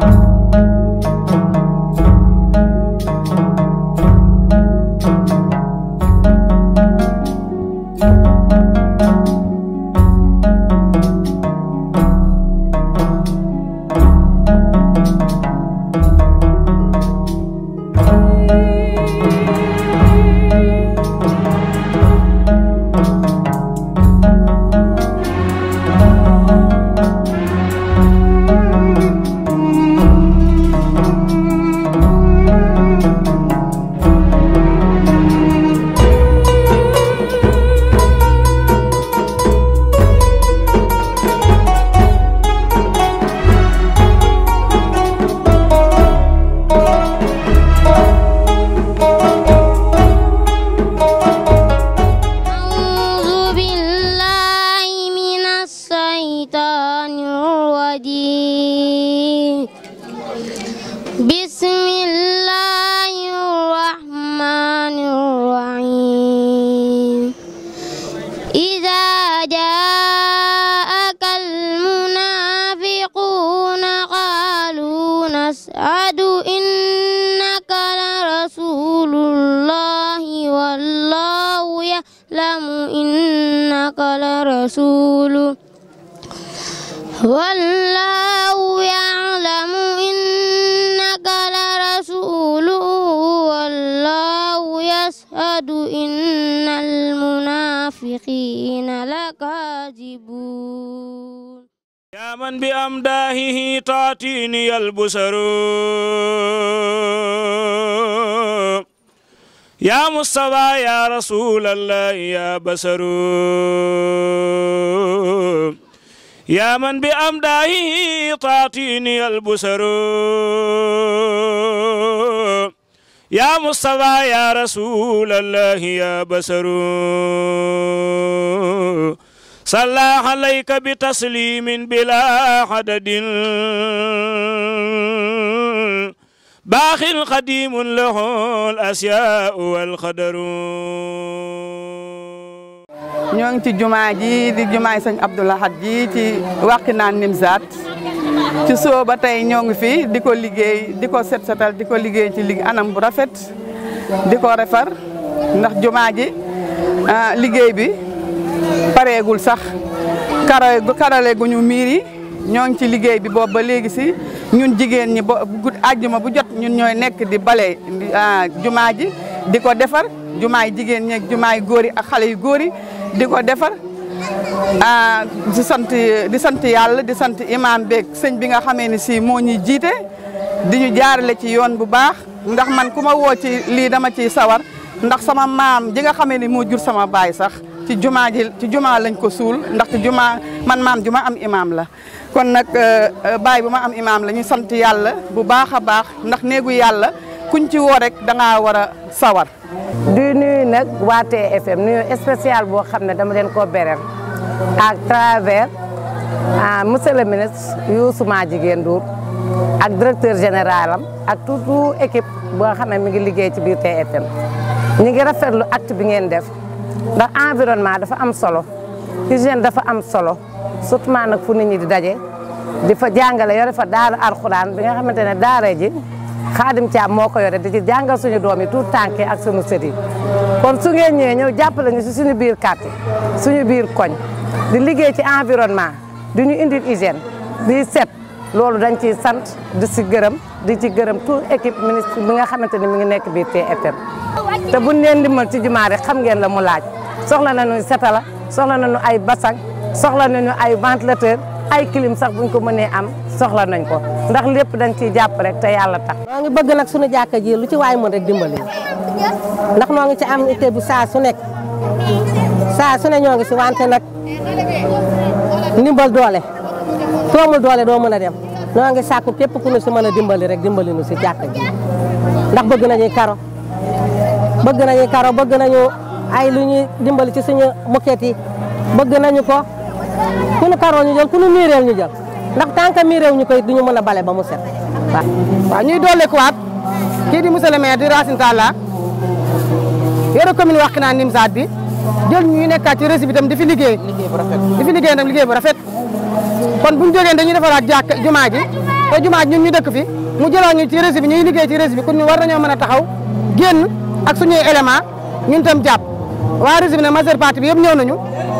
thank you يشهد إن المنافقين لكاذبون يا من بأمداهه تعطيني البصر يا مصطفى يا رسول الله يا بصر يا من بأمداهه تعطيني البصر يا مصطفى يا رسول الله يا بشر صلى عليك بتسليم بلا عدد باخ قديم له الأسياء والقدر ñoo ngi ci jumaa ji di jumaay sëñ Abdoul Ahad ji ci Wakhinane Nimzatt ci suba ba tey ñoo ngi fi di ko liggéey di ko set setal di ko liggéey ci liggéey anam bu rafet di ko refar ndax jumaa ji ah, liggéey bi pareegul sax karo karale gu ñu miir yi ñoo ngi ci liggéey bi ba léegi si ñun jigéen ñi ba àjjuma bu jot ñun ñooy nekk di bale ah, jumaa ji di ko defar jumaay jigéen ñeeg jumaay góor yi ak xale yu góor yi di ko defar ah di sant di sant yàlla di sant imaam beeg sëñ bi nga xamee ni si moo ñuy jiite di ñu jaarale ci yoon bu baax ndax man ku ma woo ci lii dama ciy sawar ndax sama maam ji nga xamee ni moo jur sama baay sax ci jumaa ji ci jumaa lañ ko suul ndax ci jumaa man maam ju ma am imaam la. kon nag euh, euh, baay bu ma am imaam la ñu sant yàlla bu baax a baax ndax néegu yàlla kuñ ci woo rek da war a sawar. nag waa TFM nuyoo spécial boo xam ne dama leen koo bereel à travers monsieur le ministre Youssou jigéen Ndour ak directeur général am ak toute équipe boo xam ne mi ngi liggéey ci biir TFM ñi ngi rafetlu acte bi ngeen def ndax environnement dafa am solo hygiène dafa am solo surtout nag fu nit ñi di daje di fa jàngale yore fa daara alxuraan bi nga xamante ne daara ji xaa xaadim Thiam moo ko yore di ci jàngal suñu doom yi tout tànke ak suñu sët yi kon su ngeen ñëwee ñëw jàppale ñu si suñu biir quartier suñu biir koñ di liggéey ci environnement di ñu indi hygiène di set loolu dañ ciy sant di si gërëm di ci gërëm tout équipe ministre bi nga xamante ni mi ngi nekk biir TFM te buñ leen limal ci jumaa rek xam ngeen la mu laaj soxla nañu setala soxla na nañu ay basang soxla nañu ay lateur ay kilim sax buñ ko mënee am soxla nañ ko ndax lépp dañ ciy jàpp rek te yàlla tax. maa ngi bëgg nag suñu jàkka ji lu ci waay mën rek dimbali ndax noo ngi ci am itte bu saa su nekk saa su ne ñoo ngi si wante nag ndimbal doole toomul doole doo mën a dem noo ngi sàkku képp ku ñu si mën a dimbali rek dimbali nu si jàkka ji ndax bëgg nañuy karo bëgg nañuy karo bëgg nañu ay lu ñu dimbali ci suñu moquette yi bëgg nañu ko. ku nu karoo ñu jël ku nu miireel ñu jël ndax tànk miiréew ñu koy duñu mën a bale ba mu set waaw waaw ñuy doole ko waat kii di monsieur le maire di Racine Talla yore commune Wakhinane Nimzatt bi jël ñu nekkaat ci réseau bi tam di fi liggéey di fi liggéey tam liggéey bu rafet kon buñu jógee dañuy defaraat jàkk jumaa ji te jumaa ñun ñu dëkk fi mu jëloo ñu ci réseau bi ñuy liggéey ci réseau bi kon ñu war nañoo mën a taxaw génn ak suñuy élément ñun tam jàpp waa réseau bi nag majeure partie bi yëpp ñëw nañu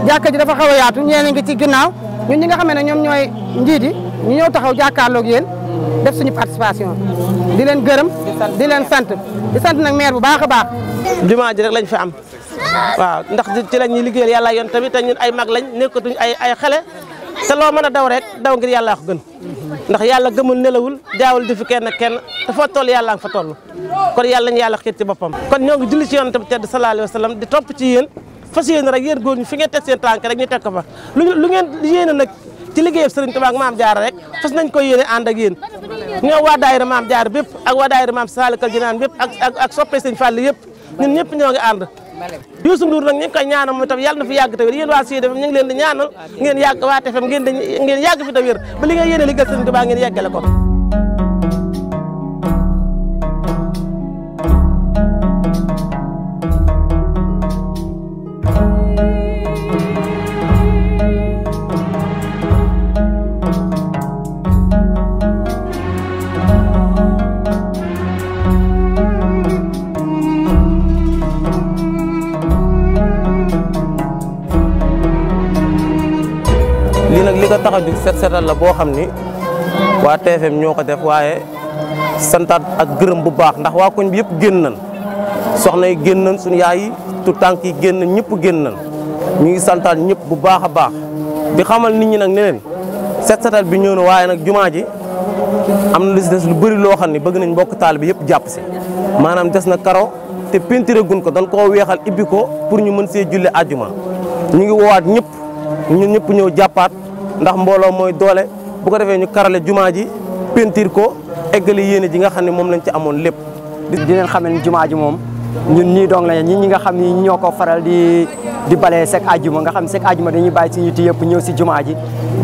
jàkka ji dafa xaw yaatu ñee ngi ci ginnaaw ñun ñi nga xam ne ñoom ñooy njiit yi ñu ñëw taxaw jàkkaarloog yéen def suñu participation di leen gërëm di leen sant di sant nag maire bu baax a baax jumaa ji rek lañ fi am waaw ndax ci lañ ñuy liggéeyal yàlla yoon tamit te ñun ay mag lañ nekkatuñ ay ay xale te loo mën a daw rek daw ngir yàlla ko ndax yàlla gëmul nelawul jaawul di fi kenn ak kenn te foo toll yàlla nga fa toll kon yàlla ñu yàlla xiit ci boppam kon ñoo ngi julli ci yonent bi tedd sallallahu alayhi wa sallam di topp ci yéen fas yéene rek yéen góor ñi seen tànk rek ñu teg ko fa lu lu ngeen yéene nag ci liggéeyam Serigne Touba ak Maam Jaara rek fas nañ ko yéene ànd ak yéen ñoo waa daayira Maam jaar bépp ak waa daayira Maam Saalikal Jinaan bépp ak ak soppee Serigne Fall yëpp ñun ñëpp ñoo ngi ànd Youssou Ndour nag ñu ngi koy ñaanal moom itam yàlla na fi yàgg waa Sud FM ñu ngi leen di ñaanal ngeen yàgg waa TFM ngeen di ngeen yàgg fi te wér ba li nga yéene ko ko tax a boo xam ni waa TFM ñoo ko def waaye santaat ak gërëm bu baax ndax waa koñ bi yëpp génn nañ soxna yi génn nañ suñu yaay yi tu tànk yi génn nañ ñëpp génn nañ ñu ngi santaat ñëpp bu baax a baax di xamal nit ñi nag ne set setal bi ñëw na waaye nag jumaa ji am na lu si des lu bëri loo xam ne bëgg nañ mbokk taal bi yëpp jàpp si maanaam des na karo te peinture gun ko dañ koo weexal ibbi ko pour ñu mën see julli àjjuma ñu ngi woowaat ñëpp ñun ñëw jàppaat ndax mbooloo mooy doole bu ko defee ñu karale jumaa ji pentiir ko eggali yéene ji nga xam ne moom lañ ci amoon lépp. di leen xam ne jumaa ji moom ñun ñii dong lañ ñi ñi nga xam ni ñoo ko faral di di bale sek ajuma nga xam sek ajuma dañuy bàyyi suñu ti yëpp ñëw si jumaa ji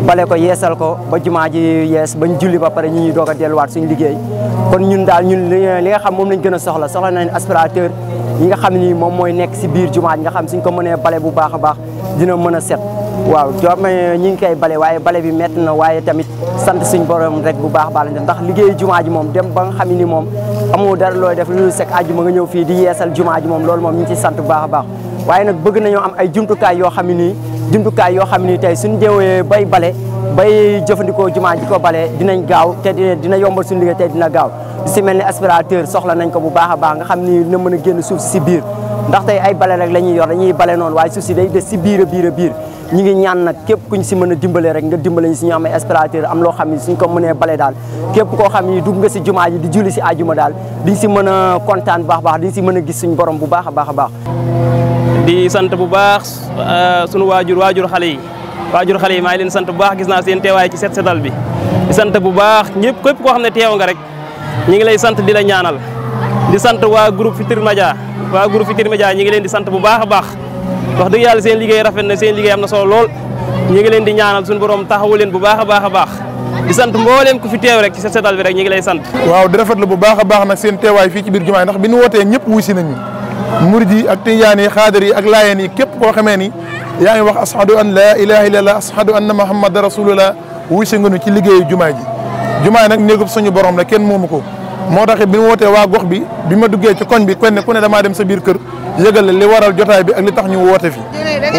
bale ko yeesal ko ba jumaa ji yees bañ julli ba pare ñu ñuy doog a delluwaat suñu kon ñun daal ñun li nga xam moom lañ gën a soxla soxla nañ aspirateur yi nga xam ni moom mooy nekk si biir jumaa ji nga xam suñ ko mënee bale bu baax a baax dina mën a set waaw job ma ñi ngi koy bale waaye bale bi métti na waaye tamit sant suñ borom rek bu baax baax ndax liggéey jumaa ji moom dem ba nga xam ni moom amoo dara looy def lu sek àjjuma nga ñëw fii di yeesal jumaa ji moom loolu moom ñu ngi ciy sant bu baax a baax waaye nag bëgg nañoo am ay jumtukaay yoo xam ne nii jumtukaay yoo xam ni tey suñ déwee bay bale bay jëfandikoo jumaa ji ko bale dinañ gaaw te dina yombal suñu liggéey tey dina gaaw lu si mel ni aspirateur soxla nañ ko bu baax a baax nga xam ni na mën a génn suuf si biir ndax ay bale rek la ñuy yor dañuy bale noonu waaye suuf si day si biir biir a ñi ngi ñaan nag képp ku ñu si mën a dimbale rek nga dimbale ñu si ñu am aspirateur am loo xam ne suñ ko mënee bale daal képp koo xam ne dugg nga si jumaa ji di julli si àjjuma daal diñ si mën a kontaan baax baax di si mën a gis suñ borom bu baax a baax a baax di sant bu baax euh, suñu waajur waajur xale yi waajur xale yi maa ngi leen sant bu baax gis naa si seen teewaay ci set setal bi di sant bu baax ñëpp képp koo xam ne teew nga rek ñi ngi lay sant di la ñaanal di sant waa groupe Futurs Médias waa groupe Futurs Médias ñi ngi leen di sant bu baax a baax wax dëgg yàlla seen liggéey rafet na seen liggéey am na solo lool ñu ngi leen di ñaanal suñu borom taxawu leen bu baax a baax a baax di sant mbooleem ku fi teew rek ci sa setal bi rek ñu ngi lay sant waaw di rafetlu bu baax a baax nag seen teewaay fii ci biir jumaa ndax bi ñu wootee ñëpp wuy si nañu murid ak tijaan yi xaadar yi ak laayeen yi képp koo xamee ni yaa ngi wax ashadu an laa ilaha illallah ashadu anna muhammad rasulullah wuy si nga ñu ci liggéeyu jumaa ji jumaa nag néegub suñu borom la kenn moomu ko moo taxit bi mu wootee waa gox bi bi ma duggee ci koñ bi kenn ku ne damaa dem sa biir kër yëgal li waral jotaay bi ak li tax ñu woote fi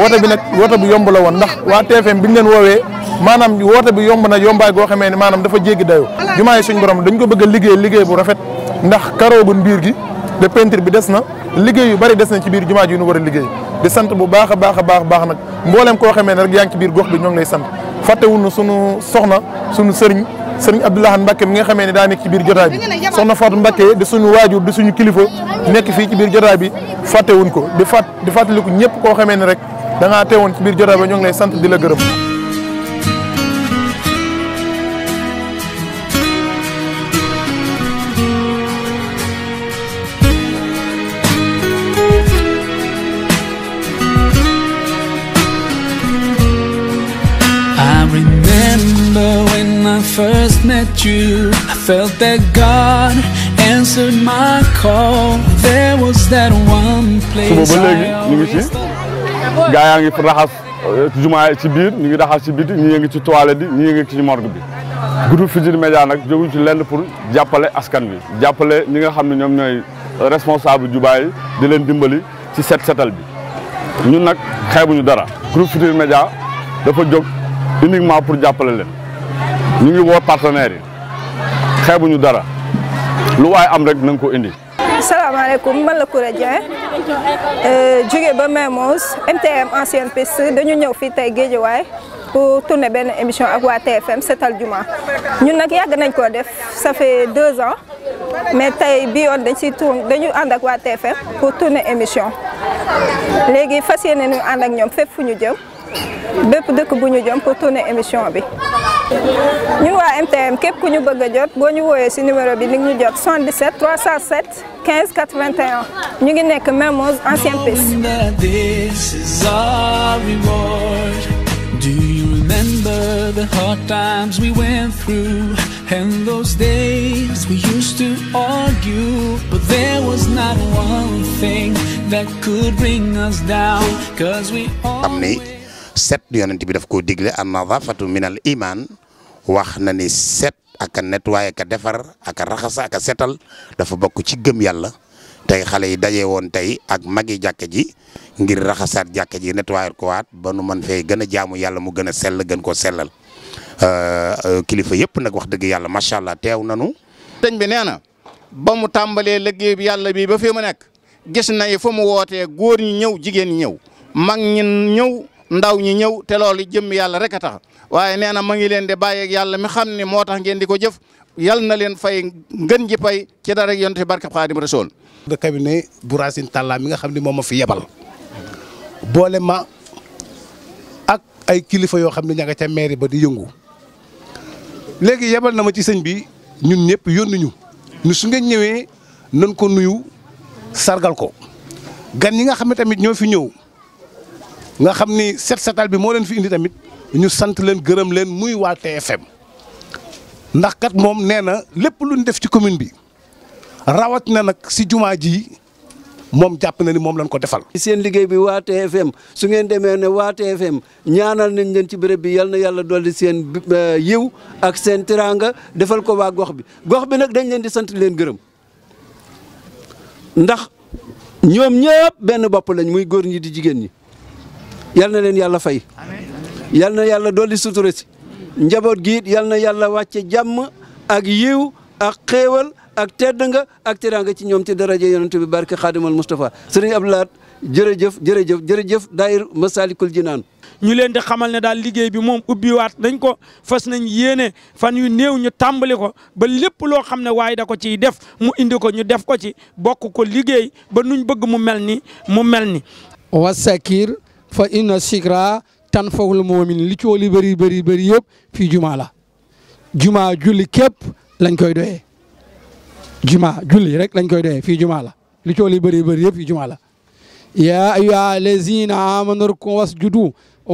woote bi nag woote bu yomb la woon ndax waa TFM bi ñu leen woowee maanaam woote bi yomb na yombaay goo xamee ni maanaam dafa jéggi dayoo jumaa yi suñ borom ko bëgg a liggéey liggéey bu rafet ndax karoo biir gi de peinture bi des na liggéey yu bari des na ci biir jumaa ji nu war a liggéey di sant bu baax a baax a baax nag mbooleem koo xamee ne rek yaa ngi ci biir gox bi ñoo ngi lay sant fàttewul na sunu soxna sunu sëriñ sëriñ Abdoulahan Mbacke mi nga xamee ne daa nekk ci biir jotaay bi soxna Fatou Mbacke di suñu waajur di suñu kilifa nekk fii ci biir jotaay bi fàttewuñ ko di fàtt di fàttaliku ñëpp koo xamee ne rek da ngaa teewoon ci biir jotaay ba ñoo ngi lay sant di la gërëm first met you, I suba ba léegi ñu ngi ci gaa yaa ngi fi raxas euh, jumaa ci biir ñu ngi raxas ci biti ñii ngi ci toilette bi ñii ngi ci morgue bi. groupe Futurs Médias nag jóguñ ci lenn pour jàppale askan bi jàppale ñi nga xam ne ñoom ñooy responsable jubaay yi di leen dimbali ci set setal bi ñun nag xeebuñu dara. groupe Futurs Médias dafa jóg uniquement pour jàppale leen. ñu ngi woo partenaires yi xeebuñu dara lu waaye am rek na ko indi. salaamaaleykum man la Koura Dieng euh, jóge ba Mermoz MTM ancienne piste dañu ñëw fii tey Guédiawaye pour tourner benn émission ak waa TFM Setal Juma ñun nag yàgg nañ koo def ça fait deux ans mais tey bi yoon dañ siy tourne dañu ànd ak waa TFM pour tourner émission léegi fas yéene ñu ànd ak ñoom fépp fu ñu jëm bépp dëkk bu ñu jëm pour tourner émission bi. ñun waa MTM képp ku ñu bëgg jot boo ñu wooyee si numéro bi ni ñu jot 77 307 15 81 ñu ngi nekk Mermoz ancienne piste. And those days we used to argue But there was not one thing that could bring us down Cause we all... set yonent bi daf koo digle an nadafatu min al iman wax na ni set ak a nettoyé defar ak a raxas setal dafa bokk ci gëm yàlla tey xale yi daje woon tey ak magi jàkka ji ngir raxasaat jàkka ji nettoyé ko waat ba nu mën fee gën a jaamu yàlla mu gën a sell gën koo sellal euh, euh, kilifa yëpp nag wax dëgg yàlla macha allah teew nanu sëñ bi nee ba mu tàmbalee liggéey yàlla bi ba fii mu nekk gis na fa mu wootee góor ñi ñëw jigéen ñëw mag ñëw ndaw ñi ñëw te loolu jëmm yàlla rek a tax waaye nee na ma ngi leen di bàyyeeg yàlla mi xam ne moo tax ngeen di ko jëf yal na leen fay ngën ji pay ci dara yonent bi barkeb Xaadim Rasuul de cabinet bu Racine Talla mi nga xam ne moom ma fi yebal boole ma ak ay kilifa yoo xam ne ña nga ca mairie ba di yëngu léegi yebal na ma ci sëñ bi ñun ñëpp yónni ñu ñu su ngeen ñëwee nañ ko nuyu sargal ko gan ñi nga xam ne tamit ñoo fi ñëw. nga xam ni set setal bi moo leen fi indi tamit ñu sant leen gërëm leen muy waa TFM ndax kat moom nee na lépp lu ñu def ci commune bi rawat na nag si jumaa ji moom jàpp na ni moom lañ ko defal. seen liggéey bi waa TFM su ngeen demee ne waa TFM ñaanal nañ leen ci béréb bi yal na yàlla dool di seen euh, yiw ak seen teraanga defal ko waa gox bi gox bi nag dañ leen di sant leen gërëm ndax ñoom ñëpp benn bopp lañ muy góor ñi di jigéen ñi. yal na leen yàlla fay yal na yàlla dolli sutura si njaboot gi it na yàlla wàcce jàmm ak yiw ak xéewal ak tedd nga ak teraanga ci ñoom ci daraja yonent bi barke xaadimal Moustapha sëriñ Abdoulaat jërëjëf jërëjëf jërëjëf daayir Masalikul Jinaan ñu leen di xamal ne daal liggéey bi moom ubbi waat nañ ko fas nañ yéene fan yu néew ñu tàmbali ko ba lépp loo xam ne waaye da ko ciy def mu indi ko ñu def ko ci bokk ko liggéey ba nuñ bëgg mu mel ni mu mel ni fa inna sikra tan fawul moomin li coo li bëri bëri bëri yëpp fii juma la juma julli képp lañ koy doyee juma julli rek lañ koy doyee fii juma la li coo li bëri bëri yëpp fii juma la yaa ayyuha lazina amanu rku wasjudu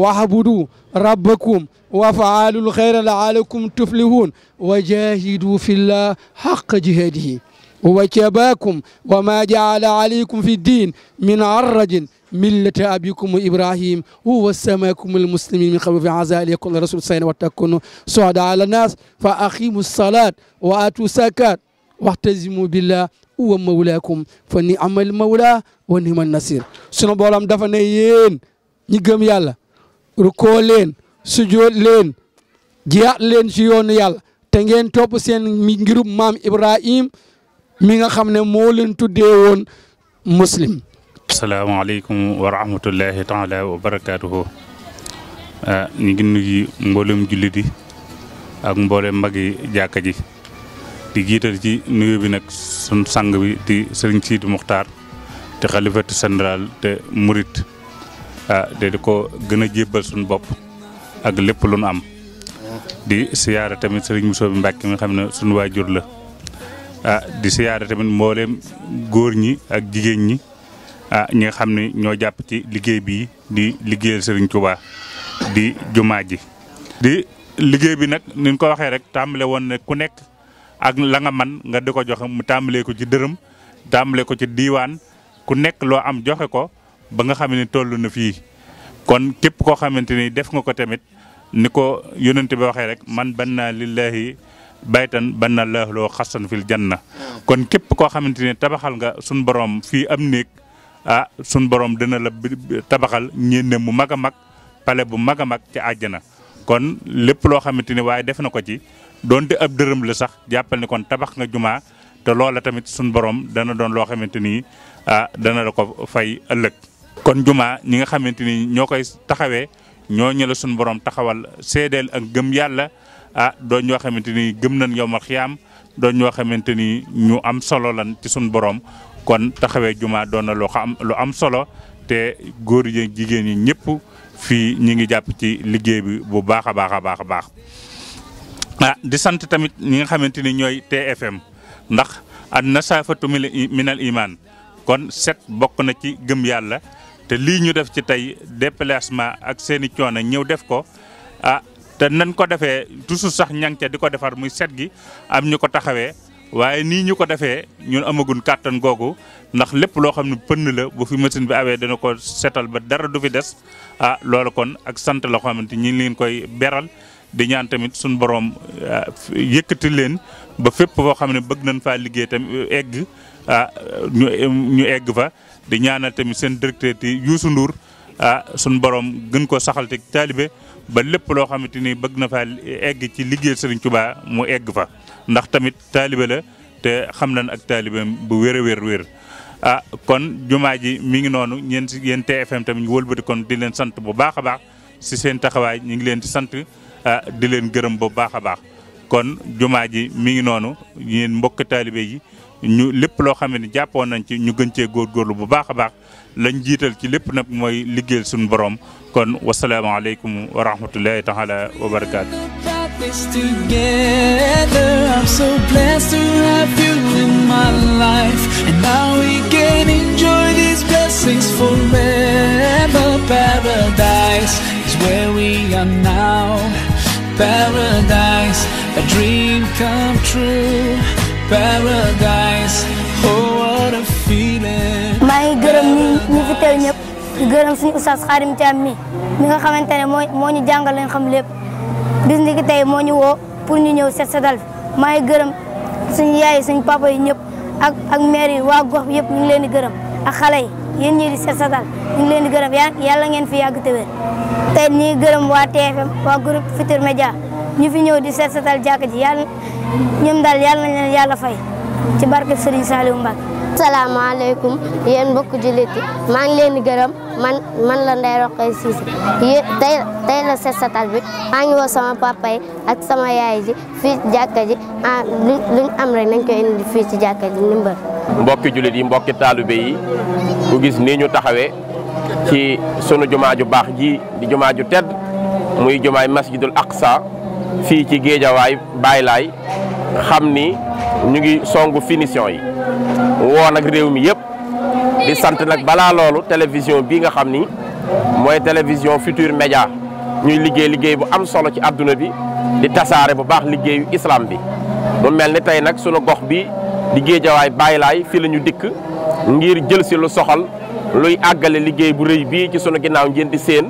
wahbudu rabbakum wa faalul xayra laalakum tuflihun wa jahidu fillah xaqa jihadihi wa jabaakum wa ma jaala alaykum fi ddin min arrajin millata abikum ibrahim huwa samaakum almuslimin min qabl fi aza li yakun rasul sayn wa takunu suada ala nas fa aqimu salat wa atu zakat waxtasimu billah huwa mawlaakum fa ni'ma almawla wa ni'ma nasir sunu boroom dafa ne yéen ñi gëm yàlla rukoo leen sujoot leen jiyaat te ngeen topp seen ngirub maam ibrahim mi nga xam ne moo leen tuddee muslim asalaamaaleykum wa rahmatullahi taala wa barakaatuhu ah, ñu ngi nuyu mboolem jullit yi ak mboolem mbagi jàkka ji di jiital ci nuyu bi nag sun sang bi di sëriñ Siidi Muxtaar te xalifatu général te murit ah te di ko gën a jébbal suñu bopp ak lépp lu am di siyaara tamit sëriñ Musoobi Mbàkke mi nga xam ne suñu waajur la ah di siyaara tamit mboolem góor ñi ak jigéen ñi ah ñi nga xam ne ñoo jàpp ci liggéey bi di liggéeyal Serigne Touba di jumaa ji di liggéey bi nag ni ko waxee rek tàmbale woon ne ku nekk ak la nga man nga di ko joxe mu tàmbalee ko ci dërëm tàmbale ko ci diiwaan ku nekk loo am joxe ko ba nga xam ne toll na fii kon képp koo xamante ni def nga ko tamit ni ko yónnante bi waxee rek man banna lillahi baytan banna laahu loo xasan fil janna hmm. kon képp koo xamante ne tabaxal nga suñ borom fii am néeg ah sunu borom dana la tabaxal ñenn mu mag a mag pale bu mag a mag ci àjjana kon lépp loo xamante ni waaye def na ko ci doonte ab dërëm la sax jàppal ni kon tabax nga jumaa te loola tamit sunu borom dana doon loo xamante ni ah dana la ko fay ëllëg. kon jumaa ñi nga xamante ni ñoo koy taxawee ñoo la sunu borom taxawal seedeel ak gëm yàlla ah doon ñoo xamante ni gëm nañ yow ma xiyaam doon ñoo xamante ni ñu am solo lan ci sunu borom. kon taxawee jumaa doon na lu am lu am solo te góor yi jigéen ñi ñëpp fii ñu ngi jàpp ci liggéey bi bu baax a baax a baax a baax ah di sant tamit ñi nga xamante ni ñooy TFM ndax an nasaafatu minal iman kon set bokk na ci gëm yàlla te lii ñu def ci tey déplacement ak seen i coono ñëw def ko a ah, te nan ko defee toujours sax ñang ca di ko defar muy set gi am ñu ko taxawee waaye nii ñu ko defee ñun amagun kàttan googu ndax lépp loo xam ne pënn la bu fi machine bi awee dana ko setal ba dara du fi des a ah loolu kon ak sant la xamante ñi ngi leen koy beral di ñaan tamit suñu borom ah, yëkkati leen ba fépp foo xam ne bëgg nañ faa liggéey tamit egg ah egg fa di ñaanal tamit seen directeur yi Youssou Ndour ah suñu borom gën ko saxal te taalibe ba lépp loo xamante ni bëgg na fa egg ci liggéey Serigne Touba mu egg fa ndax tamit taalibe la te xam nañ ak taalibeem bu wér a wér ah kon jumaa ji mi ngi noonu ñeen si yéen TFM tamit ñu kon di leen sant bu baax a baax si seen taxawaay ñu ngi leen di sant ah, di leen gërëm bu baax a baax kon jumaa ji mi ngi noonu yéen mbokk taalibe yi ñu lépp loo xam ne jàppoon nañ ci ñu gën cee góorgóorlu bu baax a baax lañ jiital ci lépp nag mooy liggéey suñu borom kon wasalaamaaleykum wa rahmatullahi taala wa barakaatu. this together. I'm so blessed to have you in my life. And now we enjoy these blessings forever. Paradise is where we are now. Paradise, a dream come true. Paradise, oh a feeling. maa ngi gërëm ñi ñi fi teew ñëpp di gërëm suñu oustaz mi mi nga xamante ne moo moo ñu jàngal lañ bis ni ki tey moo ñu woo pour ñu ñëw set setal maa ngi gërëm suñ yaay suñ suñu papa yi ñëpp ak ak maire yi waa gox yëpp ñu ngi leen di gërëm ak xale yi yéen ñii di set setal ñu ngi leen di gërëm yàlla ngeen fi yàgg te wér gërëm waa TFM waa groupe Futurs Médias ñi fi ñëw di set setal jàkka ji yàlla ñoom daal yàlla nañ leen yàlla fay ci barke Serigne Saliou Mbacke asalaamaaleykum yéen mbokk jullit yi maa ngi leen di gërëm man man la Ndeye Rokhaya Cissé tey la set satal bi maa ngi woo sama papa yi ak sama yaay ji fii jàkka ji ah luñ am rek nañ koy fii jàkka ji ndimbal mbokki jullit yi mbokki taalibe yi ku gis nii ñu taxawee ci sunu jumaa ju baax ji di jumaa ju tedd muy jumaay masjidul aqsa fii ci géejawaay baylaay xam ni ñu ngi songu finition yi woo nag réew mi yëpp di sant nag balaa loolu télévision bii nga xam ni mooy télévision Futur Média ñuy liggéey liggéey bu am solo ci àdduna bi di tasaare bu baax liggéeyu islam bi. mu mel ni tey nag sunu gox bi di géejawaay bàyyi laay fii la ñu dikk ngir jël si lu soxal luy àggale liggéey bu rëy bii ci sunu ginnaaw ngeen di séen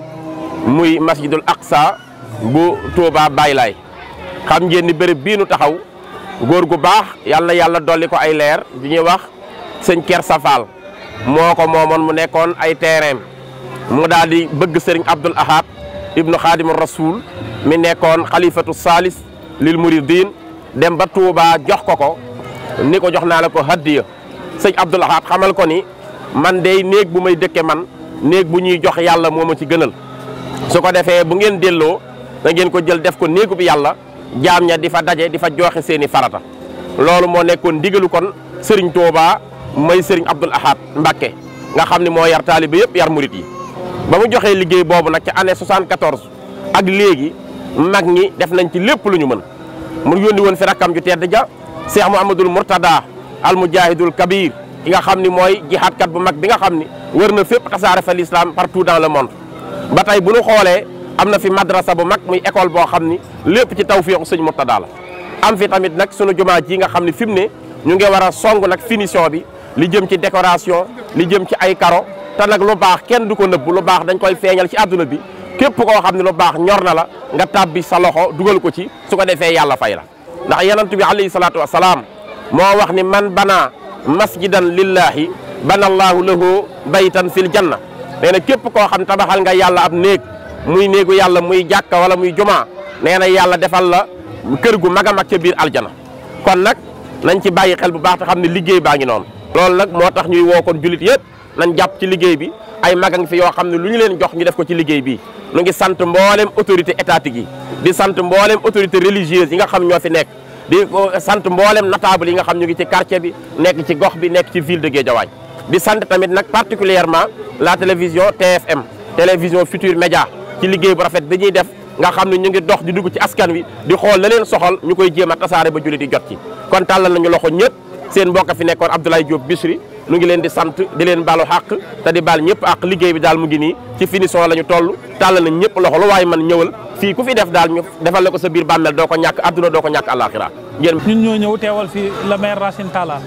muy masjidul aksa bu Touba bàyyi laay xam ngeen ni béréb bii nu taxaw. góor gu baax yàlla yàlla dolli ko ay leer bi ñuy wax sëñ ker Fall moo ko moomoon mu nekkoon ay terrain mu daal di bëgg sëriñ Abdul Ahad ibnu Xaadimu Rasul mu nekkoon xalifatu saalis lil muridin dem ba Touba jox ko ko ni ko jox naa la ko haddiya sëñ Abdul Ahad xamal ko ni man dey néeg bu may dëkkee man néeg bu ñuy jox yàlla moo ma ci gënal su ko defee bu ngeen delloo da ngeen ko jël def ko néegu bi yàlla. jaam ña di fa daje di fa joxe seeni farata loolu moo nekkoon ndigalu kon sëriñ Touba may sëriñ Abdoul Ahad Mbacké nga xam ne moo yar taalibe yëpp yar murit yi ba mu joxee liggéey boobu nag ca année 74 ak léegi mag ñi def nañ ci lépp lu ñu mën mu yónni woon fi rakkam ju tedd ja Cheikh Mouhamadoul Mourtada al Mujahidul Kabir ki nga xam ni mooy jihaadkat bu mag bi nga xam ni wër na fépp tasaare fa l'islam partout dans le monde ba tey am na fi madrasa bu mag muy école boo xam ni lépp ci taw tawféexu sëñ Murtada la am fi tamit nag sunu jumaa ji nga xam ne fi mu ne ñu ngi war a song nag finition bi li jëm ci décoration li jëm ci ay karo te nag lu baax kenn du ko nëbb lu baax dañ koy feeñal ci àdduna bi képp koo xam ne lu baax ñor na la nga tàbbi sa loxo dugal ko ci su ko defee yàlla fay la ndax yonent bi alayhi salaatu wasalaam moo wax ni man banaa masjidan lillahi banallaahu lahu baytan fil janna nee na képp koo xam tabaxal nga yàlla ab néeg muy néegu yàlla muy jàkka wala muy jumaa nee na yàlla defal la kër gu mag a mag ca biir aljana kon nag nañ ci bàyyi xel bu baax te xam ne liggéey baa ngi noonu loolu nag moo tax ñuy woo kon jullit yëpp nañ jàpp ci liggéey bi ay mag a ngi fi yoo xam ne lu ñu leen jox ñu def ko ci liggéey bi nu ngi sant mboolem autorité étatique yi di sant mboolem autorité religieuse yi nga xam ñoo fi nekk di sant mboolem notable yi nga xam ñu ngi ci quartier bi nekk ci gox bi nekk ci ville de Guédiawaye di sant tamit nag particulièrement la télévision TFM télévision Futur Média ci liggéey bu rafet dañuy ñuy def nga xam ne ñu ngi dox di dugg ci askan wi di xool la leen soxal ñu koy jéem a tasaare ba jullit di jot ci kon tàllal nañu loxo ñëpp seen mbokk fi nekkoon Abdoulaye Diop Bichri nu ngi leen di sant di leen baalu àq te di baal ñëpp àq liggéey bi daal mu ngi nii ci finition la ñu toll tàllal nañ ñëpp loxo lu waaye man ñëwal fii ku fi def daal ñu defal la ko sa biir bàmmeel doo ko ñàkk àdduna doo ko ñàkk àllaaxira ngeen ñun ñëw teewal fi le maire Racine Talla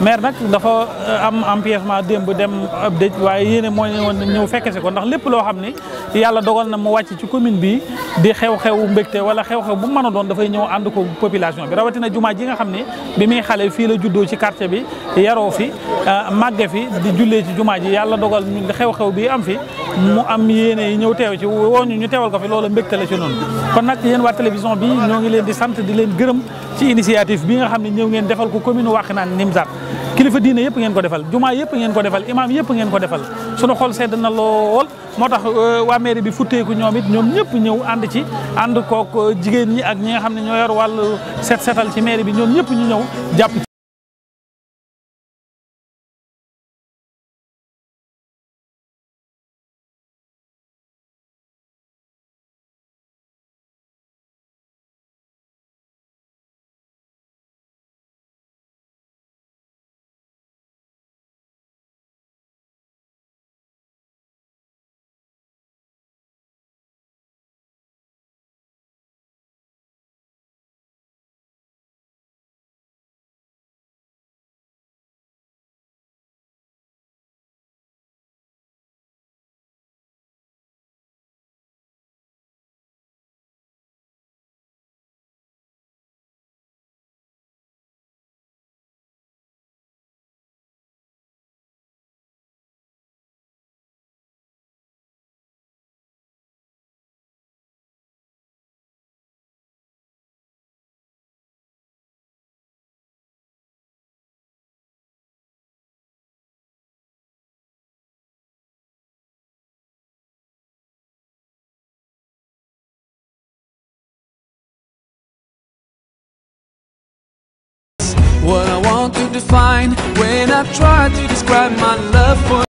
maire nag dafa euh, am empiègement démb dem ab dëj waaye yéene mooy ne woon ñëw fekke si ko ndax lépp loo xam ni yàlla dogal na mu wàcc ci commune bi di xew xew mbégte wala xew-xew bu mën a doon dafay ñëw ànd ko population bi rawatina jumaa ji nga xam ne bi muy xale fii la juddoo ci quartier bi yaroo fi euh, màgge fi di jullee ci jumaa ji yàlla dogal xew-xew bi am fi mu am yéene yi ñëw teew ci woo ñu ñu teewal ko fi loolu mbégte la ci noonu kon nag yéen waa télévision bi ñoo ngi leen di sant di leen gërëm ci initiative bi nga xam ne ñëw ngeen defal ko commune Wakhinane Nimzatt kilifa diine yëpp ngeen ko defal jumaa yëpp ngeen ko defal imaam yëpp ngeen ko defal sunu xol sedd na lool moo tax euh, waa mairie bi futteeku ñoom ñoom ñëpp ñëw ànd ci ànd kook euh, jigéen ñi ak ñi nga xam ne ñoo yor wàllu set setal ci mairie bi ñoom ñëpp ñu ñëw jàpp to find when I try to describe my love for